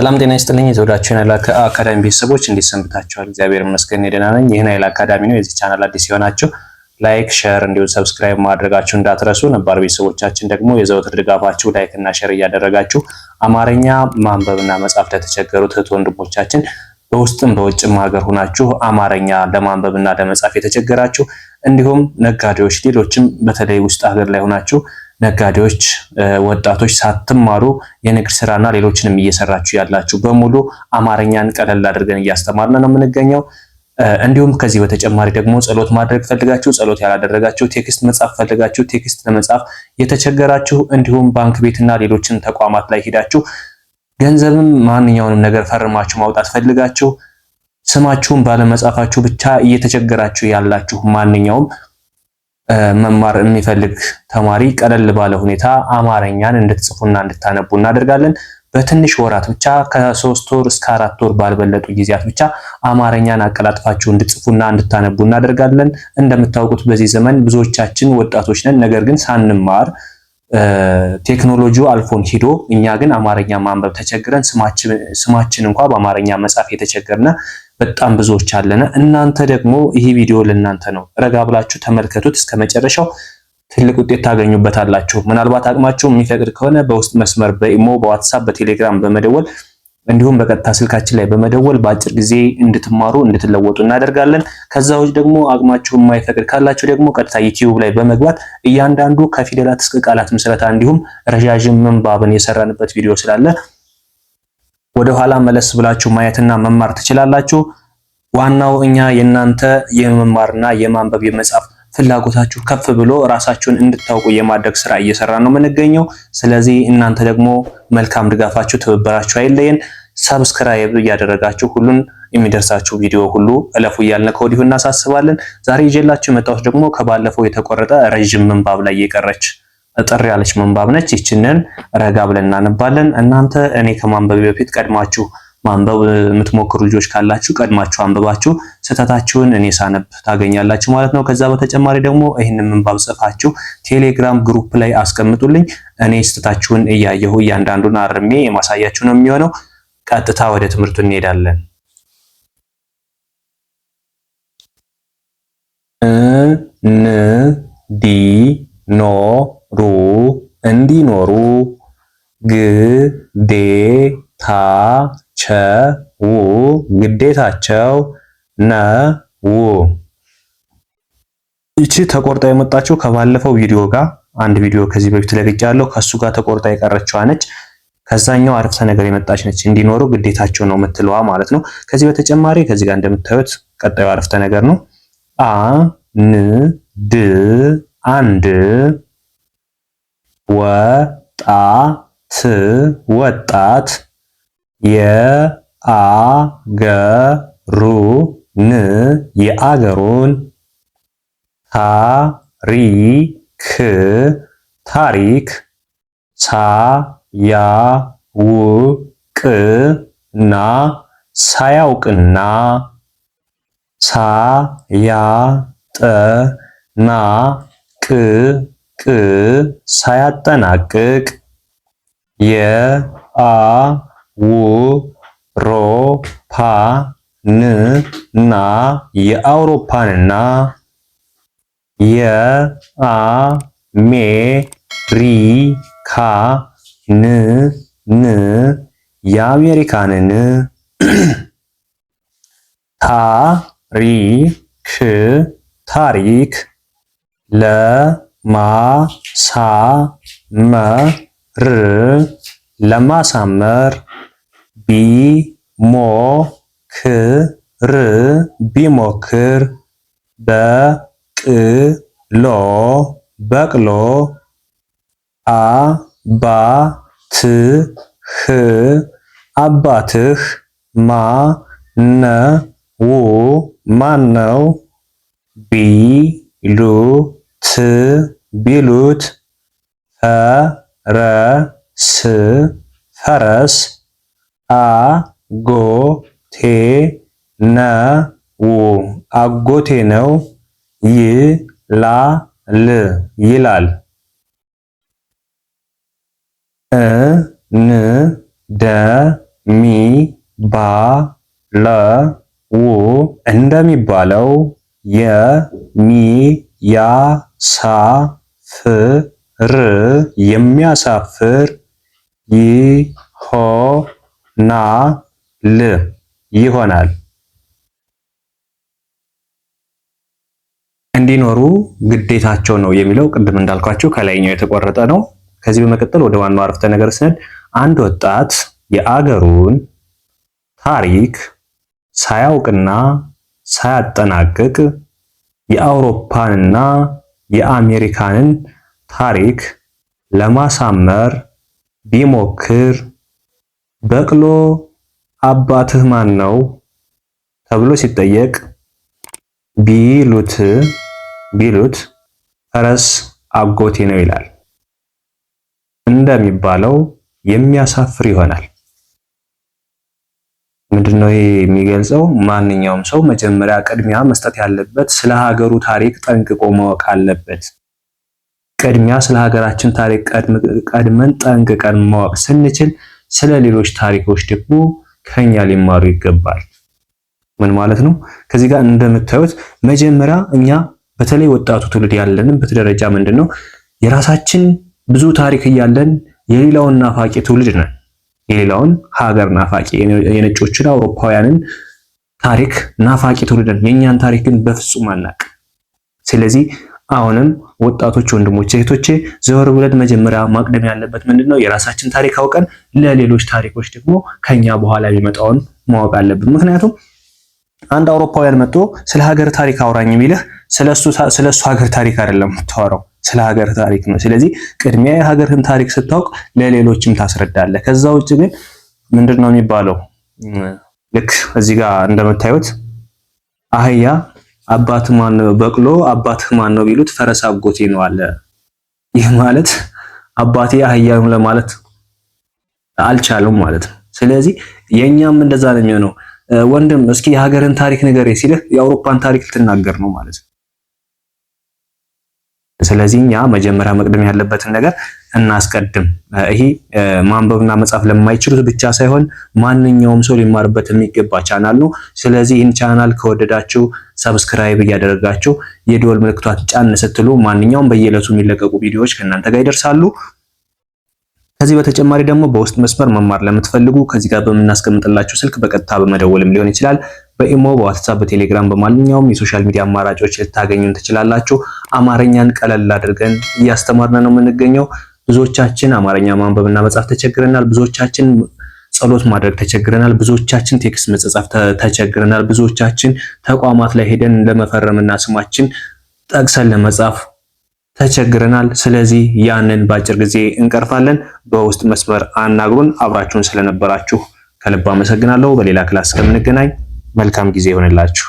ሰላም ጤና ይስጥልኝ የተወዳችሁ ናይል አካዳሚ ቤተሰቦች እንዴት ሰንብታችኋል? እግዚአብሔር ይመስገን ደህና ነኝ። ይህ ናይል አካዳሚ ነው። የዚህ ቻናል አዲስ የሆናችሁ ላይክ፣ ሼር እንዲሁም ሰብስክራይብ ማድረጋችሁ እንዳትረሱ። ነባር ቤተሰቦቻችን ደግሞ የዘወትር ድጋፋችሁ ላይክ እና ሼር እያደረጋችሁ አማርኛ ማንበብና መጻፍ ለተቸገሩት እህት ወንድሞቻችን በውስጥም በውጭም ሀገር ሆናችሁ አማርኛ ለማንበብና ለመጻፍ የተቸገራችሁ እንዲሁም ነጋዴዎች፣ ሌሎችም በተለይ ውስጥ ሀገር ላይ ሆናችሁ ነጋዴዎች፣ ወጣቶች ሳትማሩ የንግድ ስራና ሌሎችንም እየሰራችሁ ያላችሁ በሙሉ አማርኛን ቀለል አድርገን እያስተማርን ነው የምንገኘው። እንዲሁም ከዚህ በተጨማሪ ደግሞ ጸሎት ማድረግ ፈልጋችሁ ጸሎት ያላደረጋችሁ፣ ቴክስት መጻፍ ፈልጋችሁ ቴክስት ለመጻፍ የተቸገራችሁ፣ እንዲሁም ባንክ ቤትና ሌሎችን ተቋማት ላይ ሄዳችሁ ገንዘብም ማንኛውንም ነገር ፈርማችሁ ማውጣት ፈልጋችሁ ስማችሁን ባለመጻፋችሁ ብቻ እየተቸገራችሁ ያላችሁ ማንኛውም መማር የሚፈልግ ተማሪ ቀለል ባለ ሁኔታ አማርኛን እንድትጽፉና እንድታነቡ እናደርጋለን። በትንሽ ወራት ብቻ ከሶስት ወር እስከ አራት ወር ባልበለጡ ጊዜያት ብቻ አማርኛን አቀላጥፋችሁ እንድትጽፉና እንድታነቡ እናደርጋለን። እንደምታውቁት በዚህ ዘመን ብዙዎቻችን ወጣቶች ነን። ነገር ግን ሳንማር ቴክኖሎጂው አልፎን ሂዶ እኛ ግን አማርኛ ማንበብ ተቸግረን ስማችን እንኳ በአማርኛ መጻፍ የተቸገርነ በጣም ብዙዎች አለነ። እናንተ ደግሞ ይህ ቪዲዮ ለእናንተ ነው። ረጋ ብላችሁ ተመልከቱት እስከ መጨረሻው ትልቅ ውጤት ታገኙበታላችሁ። ምናልባት አቅማችሁ የሚፈቅድ ከሆነ በውስጥ መስመር በኢሞ፣ በዋትሳፕ፣ በቴሌግራም በመደወል እንዲሁም በቀጥታ ስልካችን ላይ በመደወል በአጭር ጊዜ እንድትማሩ እንድትለወጡ እናደርጋለን። ከዛ ውጭ ደግሞ አቅማችሁ የማይፈቅድ ካላችሁ ደግሞ ቀጥታ ዩቲዩብ ላይ በመግባት እያንዳንዱ ከፊደላት እስከ ቃላት ምስረታ እንዲሁም ረዣዥም ምንባብን የሰራንበት ቪዲዮ ስላለ ወደ ኋላ መለስ ብላችሁ ማየትና መማር ትችላላችሁ። ዋናው እኛ የእናንተ የመማርና የማንበብ የመጻፍ ፍላጎታችሁ ከፍ ብሎ ራሳችሁን እንድታውቁ የማድረግ ስራ እየሰራ ነው የምንገኘው። ስለዚህ እናንተ ደግሞ መልካም ድጋፋችሁ፣ ትብብራችሁ አይለየን። ሰብስክራይብ እያደረጋችሁ ሁሉን የሚደርሳችሁ ቪዲዮ ሁሉ እለፉ እያልን ከወዲሁ እናሳስባለን። ዛሬ ይዤላችሁ የመጣሁት ደግሞ ከባለፈው የተቆረጠ ረዥም ምንባብ ላይ የቀረች እጥር ያለች ምንባብ ነች። ይችንን ረጋ ብለን እናነባለን። እናንተ እኔ ከማንበብ በፊት ቀድማችሁ ማንበብ የምትሞክሩ ልጆች ካላችሁ ቀድማችሁ አንብባችሁ ስህተታችሁን እኔ ሳነብ ታገኛላችሁ ማለት ነው። ከዛ በተጨማሪ ደግሞ ይህንን ምንባብ ጽፋችሁ ቴሌግራም ግሩፕ ላይ አስቀምጡልኝ። እኔ ስህተታችሁን እያየሁ እያንዳንዱን አርሜ የማሳያችሁ ነው የሚሆነው። ቀጥታ ወደ ትምህርቱ እንሄዳለን። ን ዲ ኖ ሩ እንዲኖሩ ግዴታቸው ግዴታቸው ነው። ይቺ ተቆርጣ የመጣችው ከባለፈው ቪዲዮ ጋር አንድ ቪዲዮ ከዚህ በፊት ለቅቄያለሁ። ከሱ ጋር ተቆርጣ የቀረችዋ ነች። ከዛኛው አረፍተ ነገር የመጣች ነች። እንዲኖሩ ግዴታቸው ነው የምትለዋ ማለት ነው። ከዚህ በተጨማሪ ከዚህ ጋር እንደምታዩት ቀጣዩ አረፍተ ነገር ነው። አ ን ድ አንድ ወጣት ወጣት የአገሩን የአገሩን ታሪክ ታሪክ ሳያውቅና ሳያውቅና ሳያጠናቅቅ ቅ ሳያጠናቅቅ የ አ ው ሮ ፓ ን ና የአውሮፓንና የ አ ሜ ሪ ካ ን ን የአሜሪካንን ታ ታሪክ ለ ር ለማሳመር ቢሞክር ቢሞክር በቅሎ በቅሎ አባትህ አባትህ ማነው ማነው ቢሉ ት ቢሉት ፈረስ ፈረስ አ ጎ ቴ ነ ው አጎቴ ነው ይላል ይላል እ ን ደ ሚ ባ ለ ው እንደሚባለው የሚያ ሳፍር የሚያሳፍር ይሆናል ይሆናል እንዲኖሩ ግዴታቸው ነው የሚለው ቅድም እንዳልኳቸው ከላይኛው የተቆረጠ ነው። ከዚህ በመቀጠል ወደ ዋናው አረፍተ ነገር ስንል አንድ ወጣት የአገሩን ታሪክ ሳያውቅና ሳያጠናቅቅ የአውሮፓንና የአሜሪካንን ታሪክ ለማሳመር ቢሞክር በቅሎ አባትህ ማን ነው ተብሎ ሲጠየቅ ቢሉት ቢሉት ፈረስ አጎቴ ነው ይላል እንደሚባለው የሚያሳፍር ይሆናል። ምንድነው ይሄ የሚገልጸው? ማንኛውም ሰው መጀመሪያ ቅድሚያ መስጠት ያለበት ስለ ሀገሩ ታሪክ ጠንቅቆ ማወቅ አለበት። ቅድሚያ ስለ ሀገራችን ታሪክ ቀድመን ጠንቅቀን ማወቅ ስንችል፣ ስለ ሌሎች ታሪኮች ደግሞ ከኛ ሊማሩ ይገባል። ምን ማለት ነው? ከዚህ ጋር እንደምታዩት መጀመሪያ እኛ በተለይ ወጣቱ ትውልድ ያለንበት ደረጃ ምንድን ነው? የራሳችን ብዙ ታሪክ እያለን የሌላውን ናፋቂ ትውልድ ነን። የሌላውን ሀገር ናፋቂ የነጮችን አውሮፓውያንን ታሪክ ናፋቂ ትውልድን የእኛን ታሪክ ግን በፍጹም አናቅ። ስለዚህ አሁንም ወጣቶች፣ ወንድሞች፣ እህቶቼ ዘወር ብለን መጀመሪያ ማቅደም ያለበት ምንድነው? የራሳችን ታሪክ አውቀን ለሌሎች ታሪኮች ደግሞ ከኛ በኋላ የሚመጣውን ማወቅ አለብን። ምክንያቱም አንድ አውሮፓውያን መጥቶ ስለ ሀገር ታሪክ አውራኝ የሚልህ ስለሱ ሀገር ታሪክ አይደለም የምታወራው ስለ ሀገር ታሪክ ነው። ስለዚህ ቅድሚያ የሀገርህን ታሪክ ስታውቅ ለሌሎችም ታስረዳለህ። ከዛ ውጭ ግን ምንድን ነው የሚባለው? ልክ እዚህ ጋር እንደምታዩት አህያ አባት ማን ነው በቅሎ አባትህ ማን ነው ቢሉት ፈረስ አጎቴ ነው አለ። ይህ ማለት አባቴ አህያ ነው ለማለት አልቻለም ማለት ነው። ስለዚህ የኛም እንደዛ ነው የሚሆነው። ወንድም እስኪ የሀገርን ታሪክ ንገሬ ሲልህ የአውሮፓን ታሪክ ልትናገር ነው ማለት ነው። ስለዚህ እኛ መጀመሪያ መቅደም ያለበትን ነገር እናስቀድም። ይሄ ማንበብና መጻፍ ለማይችሉት ብቻ ሳይሆን ማንኛውም ሰው ሊማርበት የሚገባ ቻናል ነው። ስለዚህ ይህን ቻናል ከወደዳችሁ ሰብስክራይብ እያደረጋችሁ የደወል ምልክቷን ጫን ስትሉ ማንኛውም በየዕለቱ የሚለቀቁ ቪዲዮዎች ከእናንተ ጋር ይደርሳሉ። ከዚህ በተጨማሪ ደግሞ በውስጥ መስመር መማር ለምትፈልጉ ከዚህ ጋር በምናስቀምጥላችሁ ስልክ በቀጥታ በመደወልም ሊሆን ይችላል በኢሞ በዋትሳፕ በቴሌግራም በማንኛውም የሶሻል ሚዲያ አማራጮች ልታገኙን ትችላላችሁ። አማርኛን ቀለል አድርገን እያስተማርን ነው የምንገኘው። ብዙዎቻችን አማርኛ ማንበብና መጻፍ ተቸግረናል። ብዙዎቻችን ጸሎት ማድረግ ተቸግረናል። ብዙዎቻችን ቴክስት መጻጻፍ ተቸግረናል። ብዙዎቻችን ተቋማት ላይ ሄደን ለመፈረምና ስማችን ጠቅሰን ለመጻፍ ተቸግረናል። ስለዚህ ያንን በአጭር ጊዜ እንቀርፋለን። በውስጥ መስመር አናግሩን። አብራችሁን ስለነበራችሁ ከልብ አመሰግናለሁ። በሌላ ክላስ እስከምንገናኝ መልካም ጊዜ ይሆንላችሁ።